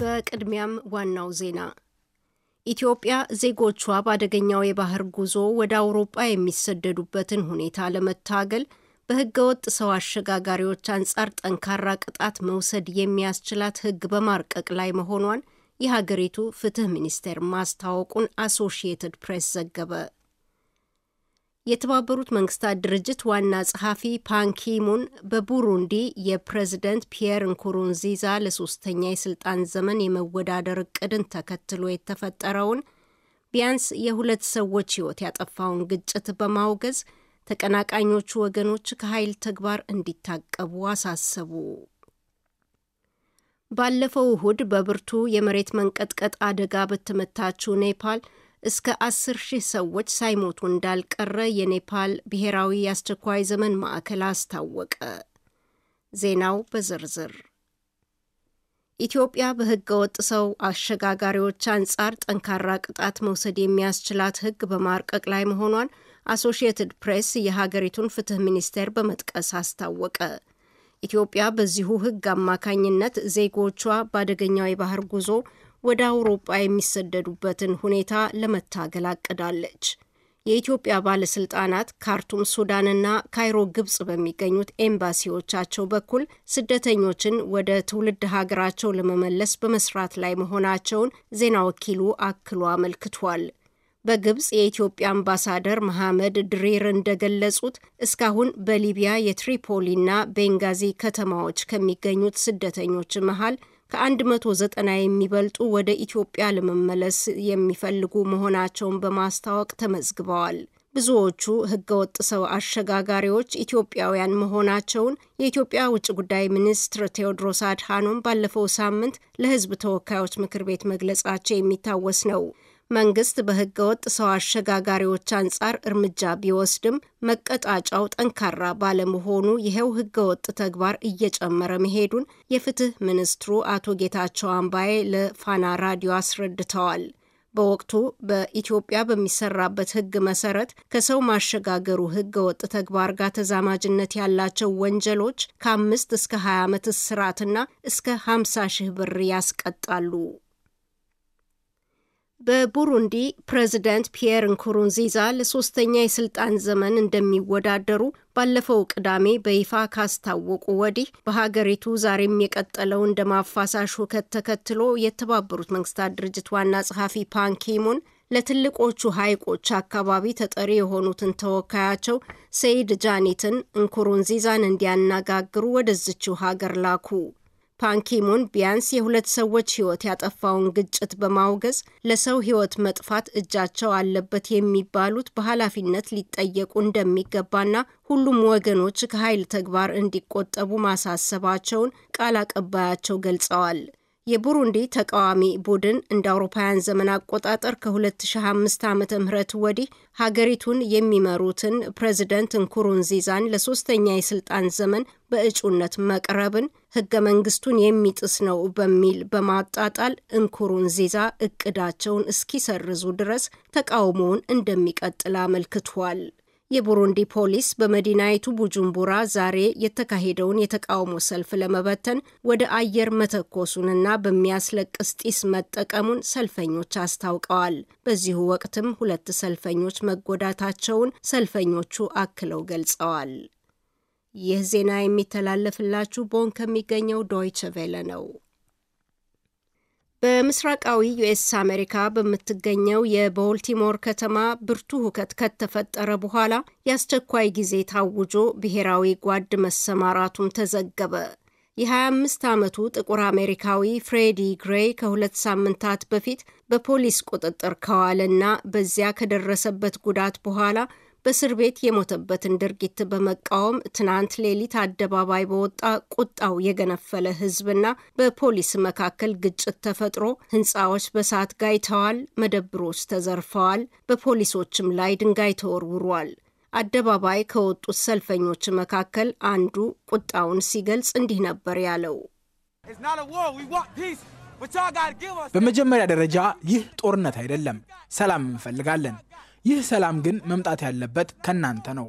በቅድሚያም ዋናው ዜና ኢትዮጵያ ዜጎቿ በአደገኛው የባህር ጉዞ ወደ አውሮጳ የሚሰደዱበትን ሁኔታ ለመታገል በህገወጥ ሰው አሸጋጋሪዎች አንጻር ጠንካራ ቅጣት መውሰድ የሚያስችላት ህግ በማርቀቅ ላይ መሆኗን የሀገሪቱ ፍትህ ሚኒስቴር ማስታወቁን አሶሺየትድ ፕሬስ ዘገበ። የተባበሩት መንግስታት ድርጅት ዋና ጸሐፊ ፓንኪሙን በቡሩንዲ የፕሬዝደንት ፒየር ንኩሩንዚዛ ለሶስተኛ የስልጣን ዘመን የመወዳደር እቅድን ተከትሎ የተፈጠረውን ቢያንስ የሁለት ሰዎች ሕይወት ያጠፋውን ግጭት በማውገዝ ተቀናቃኞቹ ወገኖች ከኃይል ተግባር እንዲታቀቡ አሳሰቡ። ባለፈው እሁድ በብርቱ የመሬት መንቀጥቀጥ አደጋ በተመታችው ኔፓል እስከ አስር ሺህ ሰዎች ሳይሞቱ እንዳልቀረ የኔፓል ብሔራዊ የአስቸኳይ ዘመን ማዕከል አስታወቀ። ዜናው በዝርዝር ኢትዮጵያ በሕገ ወጥ ሰው አሸጋጋሪዎች አንጻር ጠንካራ ቅጣት መውሰድ የሚያስችላት ሕግ በማርቀቅ ላይ መሆኗን አሶሺየትድ ፕሬስ የሀገሪቱን ፍትህ ሚኒስቴር በመጥቀስ አስታወቀ። ኢትዮጵያ በዚሁ ሕግ አማካኝነት ዜጎቿ በአደገኛው የባህር ጉዞ ወደ አውሮጳ የሚሰደዱበትን ሁኔታ ለመታገል አቅዳለች። የኢትዮጵያ ባለስልጣናት ካርቱም ሱዳንና ካይሮ ግብጽ በሚገኙት ኤምባሲዎቻቸው በኩል ስደተኞችን ወደ ትውልድ ሀገራቸው ለመመለስ በመስራት ላይ መሆናቸውን ዜና ወኪሉ አክሎ አመልክቷል። በግብጽ የኢትዮጵያ አምባሳደር መሐመድ ድሪር እንደገለጹት እስካሁን በሊቢያ የትሪፖሊና ቤንጋዚ ከተማዎች ከሚገኙት ስደተኞች መሃል ከ190 የሚበልጡ ወደ ኢትዮጵያ ለመመለስ የሚፈልጉ መሆናቸውን በማስታወቅ ተመዝግበዋል። ብዙዎቹ ህገወጥ ሰው አሸጋጋሪዎች ኢትዮጵያውያን መሆናቸውን የኢትዮጵያ ውጭ ጉዳይ ሚኒስትር ቴዎድሮስ አድሃኖም ባለፈው ሳምንት ለህዝብ ተወካዮች ምክር ቤት መግለጻቸው የሚታወስ ነው። መንግስት በህገ ወጥ ሰው አሸጋጋሪዎች አንጻር እርምጃ ቢወስድም መቀጣጫው ጠንካራ ባለመሆኑ ይኸው ህገ ወጥ ተግባር እየጨመረ መሄዱን የፍትህ ሚኒስትሩ አቶ ጌታቸው አምባዬ ለፋና ራዲዮ አስረድተዋል። በወቅቱ በኢትዮጵያ በሚሰራበት ህግ መሰረት ከሰው ማሸጋገሩ ህገ ወጥ ተግባር ጋር ተዛማጅነት ያላቸው ወንጀሎች ከአምስት እስከ 20 ዓመት እስራትና እስከ 50 ሺህ ብር ያስቀጣሉ። በቡሩንዲ ፕሬዚደንት ፒየር ንኩሩንዚዛ ለሶስተኛ የስልጣን ዘመን እንደሚወዳደሩ ባለፈው ቅዳሜ በይፋ ካስታወቁ ወዲህ በሀገሪቱ ዛሬም የቀጠለውን ደም አፋሳሽ ሁከት ተከትሎ የተባበሩት መንግስታት ድርጅት ዋና ጸሐፊ ፓንኪሙን ለትልቆቹ ሐይቆች አካባቢ ተጠሪ የሆኑትን ተወካያቸው ሰይድ ጃኒትን እንኩሩንዚዛን እንዲያነጋግሩ ወደዝችው ሀገር ላኩ። ፓንኪሙን ቢያንስ የሁለት ሰዎች ሕይወት ያጠፋውን ግጭት በማውገዝ ለሰው ሕይወት መጥፋት እጃቸው አለበት የሚባሉት በኃላፊነት ሊጠየቁ እንደሚገባና ሁሉም ወገኖች ከኃይል ተግባር እንዲቆጠቡ ማሳሰባቸውን ቃል አቀባያቸው ገልጸዋል። የቡሩንዲ ተቃዋሚ ቡድን እንደ አውሮፓውያን ዘመን አቆጣጠር ከ2005 ዓ ም ወዲህ ሀገሪቱን የሚመሩትን ፕሬዚደንት እንኩሩንዚዛን ለሶስተኛ የስልጣን ዘመን በእጩነት መቅረብን ህገ መንግስቱን የሚጥስ ነው በሚል በማጣጣል እንኩሩንዚዛ እቅዳቸውን እስኪሰርዙ ድረስ ተቃውሞውን እንደሚቀጥል አመልክቷል። የቡሩንዲ ፖሊስ በመዲናይቱ ቡጁምቡራ ዛሬ የተካሄደውን የተቃውሞ ሰልፍ ለመበተን ወደ አየር መተኮሱንና በሚያስለቅስ ጢስ መጠቀሙን ሰልፈኞች አስታውቀዋል። በዚሁ ወቅትም ሁለት ሰልፈኞች መጎዳታቸውን ሰልፈኞቹ አክለው ገልጸዋል። ይህ ዜና የሚተላለፍላችሁ ቦን ከሚገኘው ዶይቸ ቬለ ነው። በምስራቃዊ ዩኤስ አሜሪካ በምትገኘው የቦልቲሞር ከተማ ብርቱ ሁከት ከተፈጠረ በኋላ የአስቸኳይ ጊዜ ታውጆ ብሔራዊ ጓድ መሰማራቱም ተዘገበ። የ25 ዓመቱ ጥቁር አሜሪካዊ ፍሬዲ ግሬይ ከሁለት ሳምንታት በፊት በፖሊስ ቁጥጥር ከዋለና በዚያ ከደረሰበት ጉዳት በኋላ በእስር ቤት የሞተበትን ድርጊት በመቃወም ትናንት ሌሊት አደባባይ በወጣ ቁጣው የገነፈለ ህዝብና በፖሊስ መካከል ግጭት ተፈጥሮ ህንፃዎች በሰዓት ጋይተዋል፣ መደብሮች ተዘርፈዋል፣ በፖሊሶችም ላይ ድንጋይ ተወርውሯል። አደባባይ ከወጡት ሰልፈኞች መካከል አንዱ ቁጣውን ሲገልጽ እንዲህ ነበር ያለው። በመጀመሪያ ደረጃ ይህ ጦርነት አይደለም፣ ሰላም እንፈልጋለን ይህ ሰላም ግን መምጣት ያለበት ከእናንተ ነው።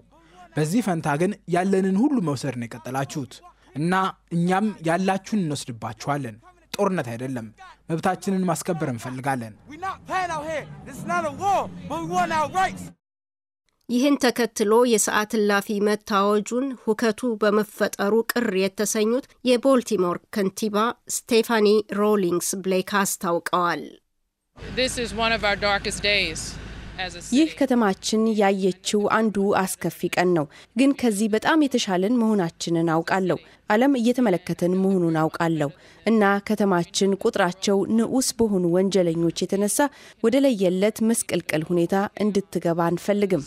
በዚህ ፈንታ ግን ያለንን ሁሉ መውሰድ ነው የቀጠላችሁት እና እኛም ያላችሁን እንወስድባችኋለን። ጦርነት አይደለም፣ መብታችንን ማስከበር እንፈልጋለን። ይህን ተከትሎ የሰዓት እላፊ መታወጁን ሁከቱ በመፈጠሩ ቅር የተሰኙት የቦልቲሞር ከንቲባ ስቴፋኒ ሮሊንግስ ብሌክ አስታውቀዋል። ይህ ከተማችን ያየችው አንዱ አስከፊ ቀን ነው። ግን ከዚህ በጣም የተሻለን መሆናችንን አውቃለሁ። ዓለም እየተመለከተን መሆኑን አውቃለሁ እና ከተማችን ቁጥራቸው ንዑስ በሆኑ ወንጀለኞች የተነሳ ወደ ለየለት መስቀልቀል ሁኔታ እንድትገባ አንፈልግም።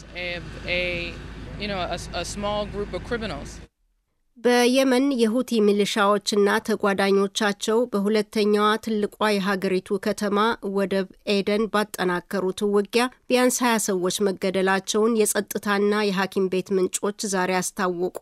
በየመን የሁቲ ሚሊሻዎችና ተጓዳኞቻቸው በሁለተኛዋ ትልቋ የሀገሪቱ ከተማ ወደብ ኤደን ባጠናከሩት ውጊያ ቢያንስ 20 ሰዎች መገደላቸውን የጸጥታና የሐኪም ቤት ምንጮች ዛሬ አስታወቁ።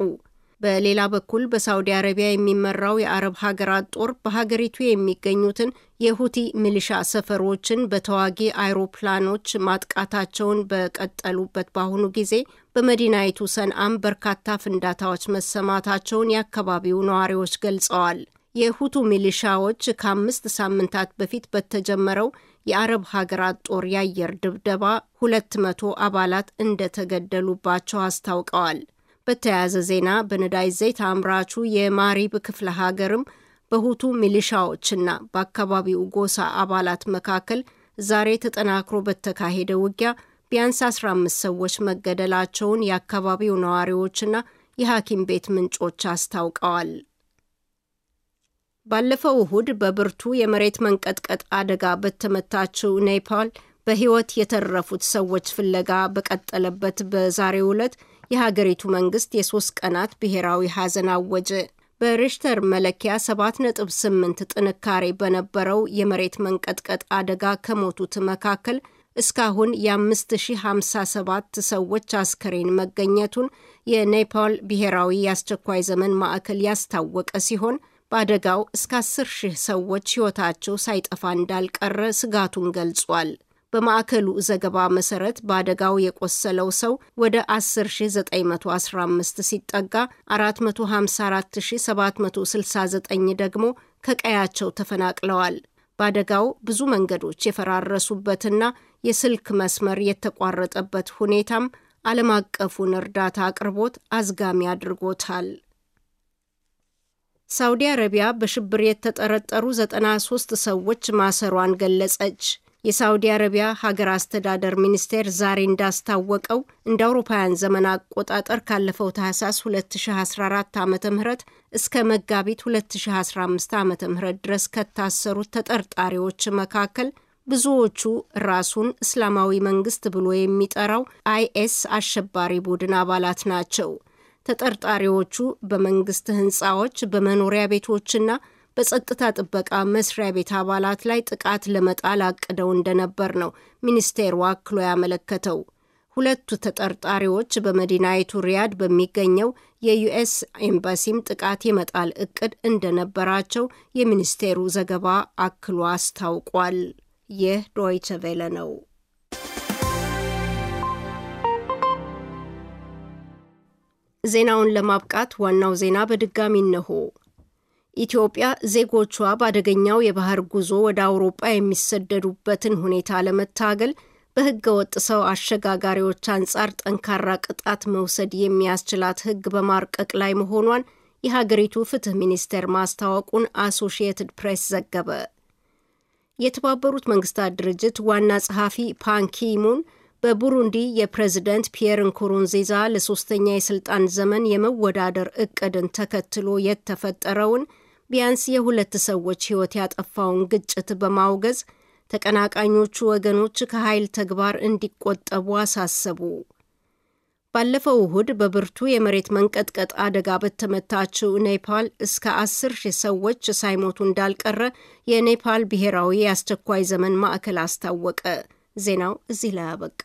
በሌላ በኩል በሳውዲ አረቢያ የሚመራው የአረብ ሀገራት ጦር በሀገሪቱ የሚገኙትን የሁቲ ሚሊሻ ሰፈሮችን በተዋጊ አይሮፕላኖች ማጥቃታቸውን በቀጠሉበት በአሁኑ ጊዜ በመዲናይቱ ሰንአም በርካታ ፍንዳታዎች መሰማታቸውን የአካባቢው ነዋሪዎች ገልጸዋል። የሁቱ ሚሊሻዎች ከአምስት ሳምንታት በፊት በተጀመረው የአረብ ሀገራት ጦር የአየር ድብደባ ሁለት መቶ አባላት እንደተገደሉባቸው አስታውቀዋል። በተያያዘ ዜና በነዳጅ ዘይት አምራቹ የማሪብ ክፍለ ሀገርም በሁቱ ሚሊሻዎችና በአካባቢው ጎሳ አባላት መካከል ዛሬ ተጠናክሮ በተካሄደ ውጊያ ቢያንስ 15 ሰዎች መገደላቸውን የአካባቢው ነዋሪዎችና የሐኪም ቤት ምንጮች አስታውቀዋል። ባለፈው እሁድ በብርቱ የመሬት መንቀጥቀጥ አደጋ በተመታችው ኔፓል በሕይወት የተረፉት ሰዎች ፍለጋ በቀጠለበት በዛሬው ዕለት የሀገሪቱ መንግስት የሶስት ቀናት ብሔራዊ ሐዘን አወጀ። በሪሽተር መለኪያ 7.8 ጥንካሬ በነበረው የመሬት መንቀጥቀጥ አደጋ ከሞቱት መካከል እስካሁን የ5057 ሰዎች አስከሬን መገኘቱን የኔፓል ብሔራዊ የአስቸኳይ ዘመን ማዕከል ያስታወቀ ሲሆን በአደጋው እስከ 10 ሺህ ሰዎች ሕይወታቸው ሳይጠፋ እንዳልቀረ ስጋቱን ገልጿል። በማዕከሉ ዘገባ መሰረት በአደጋው የቆሰለው ሰው ወደ 10915 ሲጠጋ 454769 ደግሞ ከቀያቸው ተፈናቅለዋል። በአደጋው ብዙ መንገዶች የፈራረሱበትና የስልክ መስመር የተቋረጠበት ሁኔታም ዓለም አቀፉን እርዳታ አቅርቦት አዝጋሚ አድርጎታል። ሳውዲ አረቢያ በሽብር የተጠረጠሩ 93 ሰዎች ማሰሯን ገለጸች። የሳውዲ አረቢያ ሀገር አስተዳደር ሚኒስቴር ዛሬ እንዳስታወቀው እንደ አውሮፓውያን ዘመን አቆጣጠር ካለፈው ታህሳስ 2014 ዓ ም እስከ መጋቢት 2015 ዓ ም ድረስ ከታሰሩት ተጠርጣሪዎች መካከል ብዙዎቹ ራሱን እስላማዊ መንግስት ብሎ የሚጠራው አይኤስ አሸባሪ ቡድን አባላት ናቸው። ተጠርጣሪዎቹ በመንግስት ህንፃዎች፣ በመኖሪያ ቤቶችና በጸጥታ ጥበቃ መስሪያ ቤት አባላት ላይ ጥቃት ለመጣል አቅደው እንደነበር ነው ሚኒስቴሩ አክሎ ያመለከተው። ሁለቱ ተጠርጣሪዎች በመዲናይቱ ሪያድ በሚገኘው የዩኤስ ኤምባሲም ጥቃት የመጣል እቅድ እንደነበራቸው የሚኒስቴሩ ዘገባ አክሎ አስታውቋል። ይህ ዶይቸ ቬለ ነው። ዜናውን ለማብቃት ዋናው ዜና በድጋሚ እነሆ። ኢትዮጵያ ዜጎቿ በአደገኛው የባህር ጉዞ ወደ አውሮጳ የሚሰደዱበትን ሁኔታ ለመታገል በሕገ ወጥ ሰው አሸጋጋሪዎች አንጻር ጠንካራ ቅጣት መውሰድ የሚያስችላት ሕግ በማርቀቅ ላይ መሆኗን የሀገሪቱ ፍትህ ሚኒስቴር ማስታወቁን አሶሺየትድ ፕሬስ ዘገበ። የተባበሩት መንግስታት ድርጅት ዋና ጸሐፊ ፓንኪሙን በቡሩንዲ የፕሬዝደንት ፒየር ንኩሩንዚዛ ለሶስተኛ የስልጣን ዘመን የመወዳደር እቅድን ተከትሎ የተፈጠረውን ቢያንስ የሁለት ሰዎች ሕይወት ያጠፋውን ግጭት በማውገዝ ተቀናቃኞቹ ወገኖች ከኃይል ተግባር እንዲቆጠቡ አሳሰቡ። ባለፈው እሁድ በብርቱ የመሬት መንቀጥቀጥ አደጋ በተመታችው ኔፓል እስከ አስር ሺህ ሰዎች ሳይሞቱ እንዳልቀረ የኔፓል ብሔራዊ የአስቸኳይ ዘመን ማዕከል አስታወቀ። ዜናው እዚህ ላይ አበቃ።